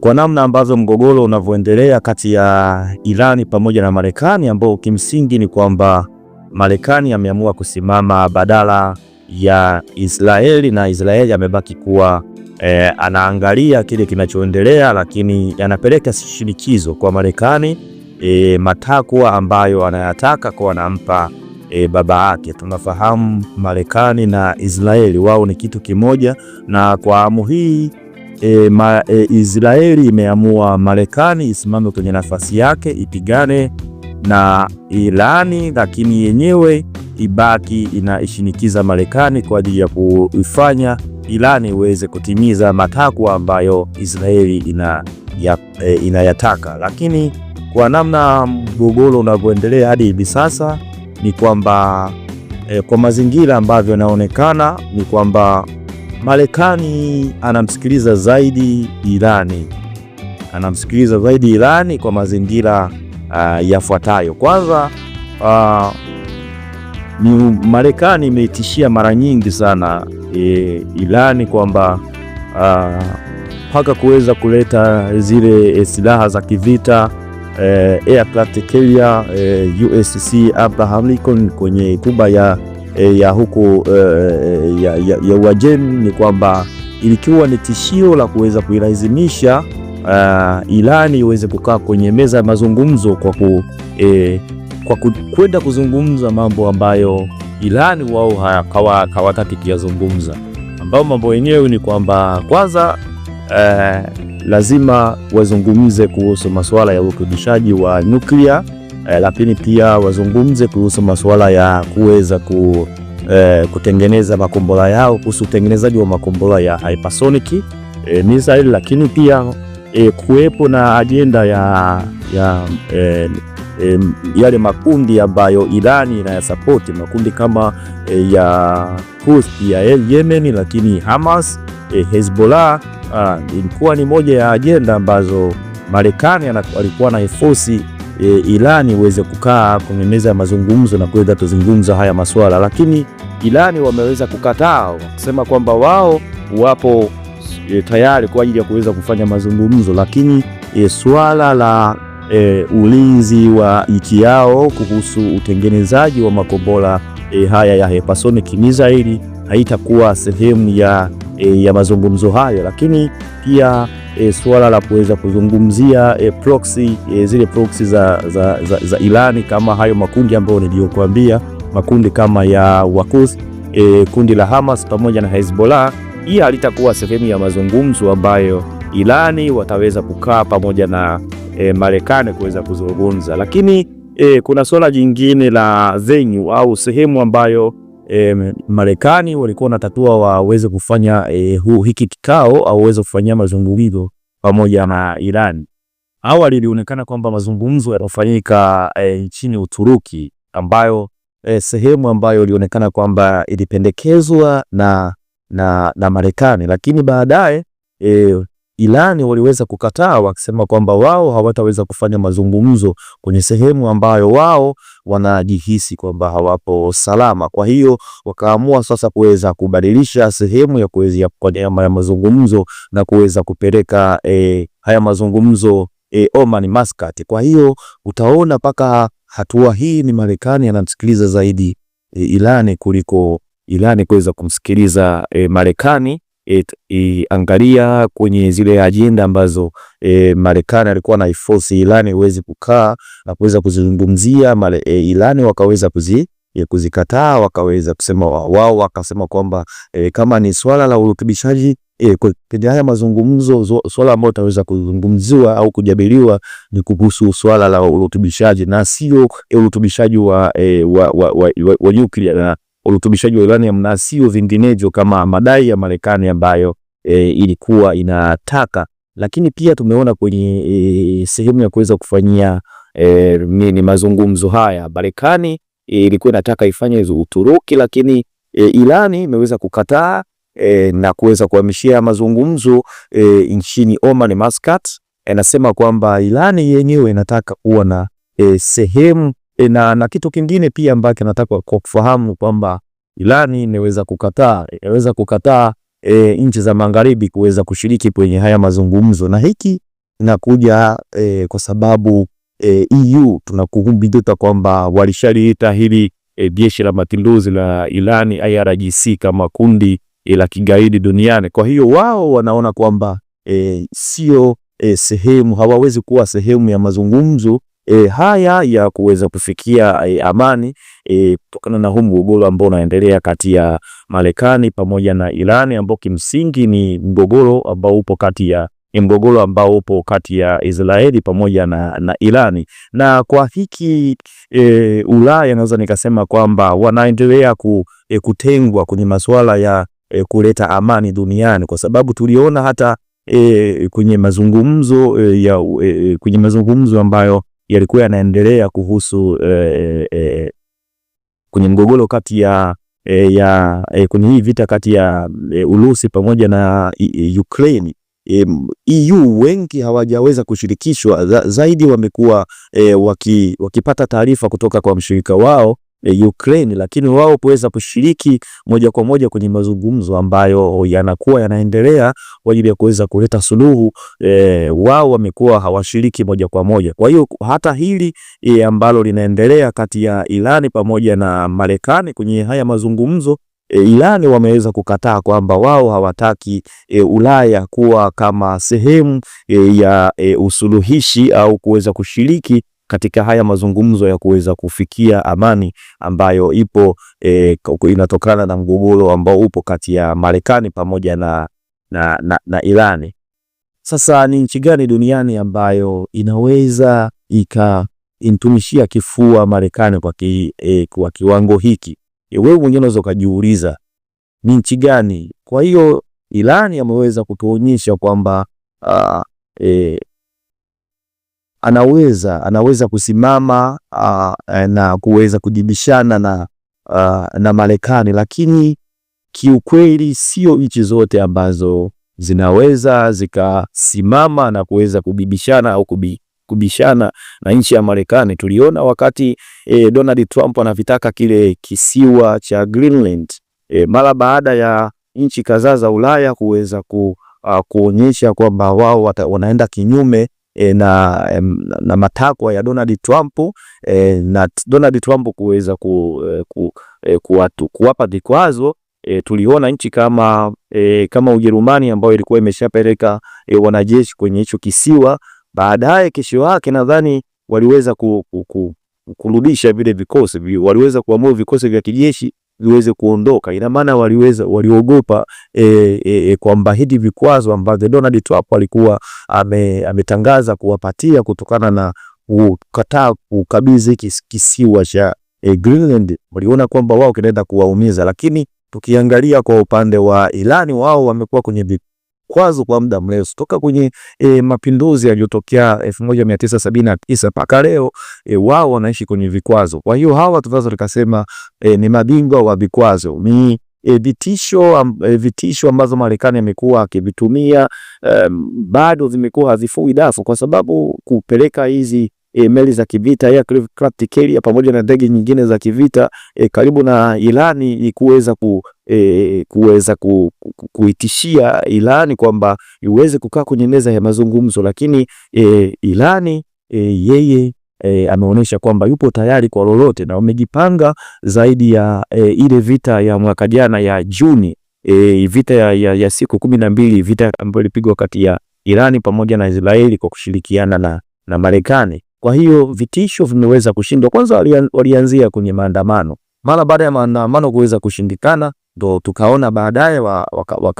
kwa namna ambavyo mgogoro unavyoendelea kati ya Irani pamoja na Marekani, ambao kimsingi ni kwamba Marekani ameamua kusimama badala ya Israeli na Israeli amebaki kuwa e, anaangalia kile kinachoendelea, lakini yanapeleka shinikizo kwa Marekani e, matakwa ambayo anayataka kwa anampa E, baba yake. Tunafahamu Marekani na Israeli wao ni kitu kimoja, na kwa amu hii e, ma, e, Israeli imeamua Marekani isimame kwenye nafasi yake ipigane na Irani, lakini yenyewe ibaki inaishinikiza Marekani kwa ajili ya kuifanya Irani iweze kutimiza matakwa ambayo Israeli ina, ya, e, inayataka. Lakini kwa namna mgogoro unavyoendelea hadi hivi sasa ni kwamba e, kwa mazingira ambavyo yanaonekana ni kwamba Marekani anamsikiliza zaidi Irani, anamsikiliza zaidi Irani kwa mazingira uh, yafuatayo. Kwanza uh, Marekani imeitishia mara nyingi sana e, Irani kwamba uh, mpaka uh, kuweza kuleta zile e, silaha za kivita e, aircraft carrier e, USC Abraham Lincoln kwenye kuba ya e, ya huku e, e, ya, ya, ya Uajemi ni kwamba ilikuwa ni tishio la kuweza kuilazimisha uh, Irani iweze kukaa kwenye meza ya mazungumzo kwa ku, e, kwa kwenda kuzungumza mambo ambayo Irani wao hawataki kuyazungumza, ambao mambo yenyewe ni kwamba kwanza eh, lazima wazungumze kuhusu masuala ya ukudishaji wa nuklia eh, lakini pia wazungumze kuhusu masuala ya kuweza ku, eh, kutengeneza makombora yao kuhusu utengenezaji wa makombora ya hypersonic eh, missile, lakini pia eh, kuwepo na ajenda ya, ya eh, eh, yale makundi ambayo Irani inayasapoti makundi kama eh, ya Houthi ya Yemen, lakini Hamas eh, Hezbollah ah, ilikuwa ni moja ya ajenda ambazo Marekani alikuwa na enforce e, ilani iweze kukaa kwenye meza ya mazungumzo na kuweza kuzungumza haya masuala, lakini ilani wameweza kukataa wakisema kwamba wao wapo e, tayari kwa ajili ya kuweza kufanya mazungumzo, lakini e, swala la e, ulinzi wa nchi yao kuhusu utengenezaji wa makombora e, haya ya hypersonic misaili haitakuwa sehemu ya e, ya mazungumzo hayo, lakini pia e, suala la kuweza kuzungumzia e, proxy e, zile proxy za, za, za, za Irani kama hayo makundi ambayo niliyokuambia makundi kama ya Wakus e, kundi la Hamas pamoja na Hezbollah, hii halitakuwa sehemu ya mazungumzo ambayo Irani wataweza kukaa pamoja na e, Marekani kuweza kuzungumza, lakini e, kuna suala jingine la venue au sehemu ambayo e, Marekani walikuwa natatua waweze kufanya e, hu, hiki kikao au waweze kufanyia mazungumzo pamoja na Iran. Awali ilionekana kwamba mazungumzo yanafanyika e, nchini Uturuki ambayo e, sehemu ambayo ilionekana kwamba ilipendekezwa na, na, na Marekani, lakini baadaye e, Irani waliweza kukataa wakisema kwamba wao hawataweza kufanya mazungumzo kwenye sehemu ambayo wao wanajihisi kwamba hawapo salama. Kwa hiyo wakaamua sasa kuweza kubadilisha sehemu ya kuweza kufanya mazungumzo na kuweza kupeleka e, haya mazungumzo e, Oman Muscat. Kwa hiyo utaona paka hatua hii ni Marekani anamsikiliza zaidi e, Irani kuliko Irani kuweza kumsikiliza e, Marekani it, iangalia kwenye zile ajenda ambazo e, Marekani alikuwa na force Irani iweze kukaa na kuweza kuzizungumzia e, Irani wakaweza kuzi e, kuzikataa wakaweza kusema wao wakasema kwamba e, kama ni swala la urutubishaji e, kwenye haya mazungumzo, swala ambayo taweza kuzungumziwa au kujabiliwa ni kuhusu swala la urutubishaji na sio e, urutubishaji wa, e, wa, wa, wa, wa, wa nyuklia na urutubishaji wa uranium na sio vinginevyo kama madai ya Marekani ambayo e, ilikuwa inataka. Lakini pia tumeona kwenye e, sehemu ya kuweza kufanyia e, nini mazungumzo haya, Marekani e, ilikuwa inataka ifanye hizo Uturuki, lakini e, Irani imeweza kukataa e, na kuweza kuhamishia mazungumzo e, nchini Oman Muscat. E, anasema kwamba Irani yenyewe inataka kuwa na e, sehemu E, na, na kitu kingine pia ambacho nataka kufahamu kwamba Irani inaweza kukataa inaweza kukataa e, nchi za magharibi kuweza kushiriki kwenye haya mazungumzo, na hiki nakuja e, kwa sababu e, EU tunakukumbuka kwamba walishaliita hili e, jeshi la mapinduzi la Irani IRGC kama kundi e, la kigaidi duniani. Kwa hiyo wao wanaona kwamba e, sio e, sehemu hawawezi kuwa sehemu ya mazungumzo e, haya ya kuweza kufikia e, amani e, kutokana e, na huu mgogoro ambao unaendelea kati ya Marekani pamoja na Irani ambao kimsingi ni mgogoro ambao upo kati ya ni mgogoro ambao upo kati ya Israeli pamoja na, na Irani na kwa hiki e, Ulaya naweza nikasema kwamba wanaendelea ku, e, kutengwa kwenye masuala ya e, kuleta amani duniani kwa sababu tuliona hata e, kwenye mazungumzo e, ya e, e kwenye mazungumzo ambayo yalikuwa yanaendelea kuhusu eh, eh, eh, kwenye mgogoro kati ya eh, ya eh, kwenye hii vita kati ya eh, Urusi pamoja na eh, Ukraine eh, EU wengi hawajaweza kushirikishwa zaidi, wamekuwa eh, waki, wakipata taarifa kutoka kwa mshirika wao e, Ukraine, lakini wao kuweza kushiriki moja kwa moja kwenye mazungumzo ambayo yanakuwa yanaendelea kwa ajili ya kuweza kuleta suluhu e, wao wamekuwa hawashiriki moja kwa moja. Kwa hiyo hata hili e, ambalo linaendelea kati ya Irani pamoja na Marekani kwenye haya mazungumzo E, eh, Irani wameweza kukataa kwamba wao hawataki e, Ulaya kuwa kama sehemu e, ya e, usuluhishi au kuweza kushiriki katika haya mazungumzo ya kuweza kufikia amani ambayo ipo e, inatokana na mgogoro ambao upo kati ya Marekani pamoja na, na, na, na Irani. Sasa ni nchi gani duniani ambayo inaweza ikaintumishia kifua Marekani kwa, ki, e, kwa kiwango hiki? E, wewe mwenyewe unaweza ukajiuliza ni nchi gani? Kwa hiyo Irani ameweza kutuonyesha kwamba uh, e, anaweza anaweza kusimama uh, na kuweza kujibishana na, uh, na Marekani, lakini kiukweli sio nchi zote ambazo zinaweza zikasimama na kuweza kubibishana au kubi, kubishana na nchi ya Marekani. Tuliona wakati eh, Donald Trump anavitaka kile kisiwa cha Greenland eh, mara baada ya nchi kadhaa za Ulaya kuweza ku, uh, kuonyesha kwamba wao wanaenda kinyume e, na, e, na matakwa ya Donald Trump e, na Donald Trump kuweza ku, e, ku, e, kuwatu, kuwapa vikwazo e, tuliona nchi kama, e, kama Ujerumani ambayo ilikuwa imeshapeleka e, wanajeshi kwenye hicho kisiwa. Baadaye kesho yake nadhani waliweza ku, ku, ku, kurudisha vile vikosi, waliweza kuamua vikosi vya kijeshi liweze kuondoka. Ina maana waliweza waliogopa e, e, e, kwamba hivi vikwazo ambavyo Donald Trump alikuwa ame, ametangaza kuwapatia kutokana na kukataa kukabidhi kisiwa cha e, Greenland, waliona kwamba wao kinaenda kuwaumiza, lakini tukiangalia kwa upande wa Irani, wao wamekuwa kwenye vikwazo kwa muda mrefu toka kwenye e, mapinduzi yaliyotokea elfu moja mia mpaka leo e, wao wanaishi kwenye vikwazo. Kwa hiyo hawa tunaweza tukasema e, ni mabingwa wa vikwazo, ni e, vitisho am, e, vitisho ambazo Marekani amekuwa akivitumia um, bado zimekuwa hazifui dafu kwa sababu kupeleka hizi E, meli za kivita aircraft carrier pamoja na ndege nyingine za kivita e, karibu na Irani ni kuweza ku, e, kuweza ku, ku, kuitishia Irani kwamba iweze kukaa kwenye meza ya mazungumzo, lakini e, eh, Irani e, eh, yeye E, ameonyesha kwamba yupo tayari kwa lolote na wamejipanga zaidi ya e, ile vita ya mwaka jana ya Juni e, vita ya, ya, ya siku kumi na mbili, vita ambayo ilipigwa kati ya Irani pamoja na Israeli kwa kushirikiana na, na Marekani. Kwa hiyo vitisho vimeweza kushindwa. Kwanza walianzia kwenye maandamano, mara baada ya maandamano kuweza kushindikana ndo tukaona baadaye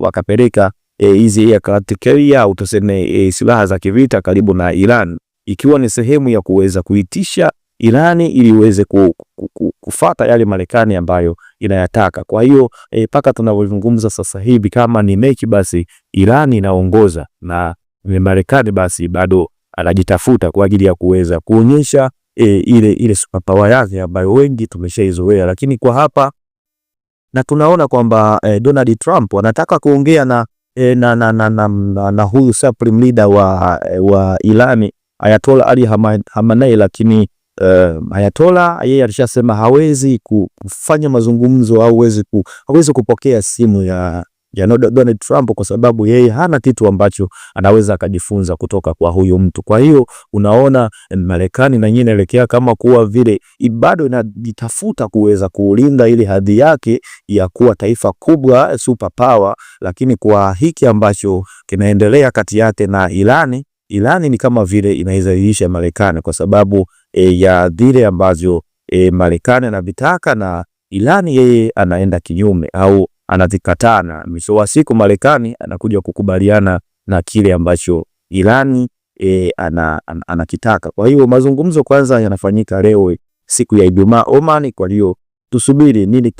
wakapeleka e, hizi e, aircraft carrier au e, silaha za kivita karibu na Iran, ikiwa ni sehemu ya kuweza kuitisha Irani ili iweze ku, ku, ku, kufata yale Marekani ambayo inayataka. Kwa hiyo e, mpaka e, tunavyozungumza sasa hivi kama ni mechi basi Irani inaongoza na Marekani basi bado anajitafuta kwa ajili ya kuweza kuonyesha e, ile, ile superpower yake ambayo wengi tumeshaizoea, lakini kwa hapa na tunaona kwamba eh, Donald Trump anataka kuongea na, eh, na, na, na, na, na, na huyu supreme leader wa, eh, wa Irani Ayatollah Ali Khamenei, lakini eh, Ayatollah yeye alishasema hawezi kufanya mazungumzo au hawezi kupokea simu ya ya Donald Trump kwa sababu yeye hana kitu ambacho anaweza akajifunza kutoka kwa huyu mtu. Kwa hiyo unaona eh, Marekani na nyingine inaelekea kama kuwa vile bado inajitafuta kuweza kuulinda ili hadhi yake ya kuwa taifa kubwa eh, superpower, lakini kwa hiki ambacho kinaendelea kati yake na Irani, Irani ni kama vile inaizalisha Marekani kwa sababu e, ya dhile ambazo e, Marekani anavitaka na Irani yeye anaenda kinyume au anazikataa mwisho wa siku Marekani anakuja kukubaliana na kile ambacho Irani e, anakitaka. Kwa hiyo mazungumzo kwanza yanafanyika leo siku ya Ijumaa Oman, kwa hiyo tusubiri nini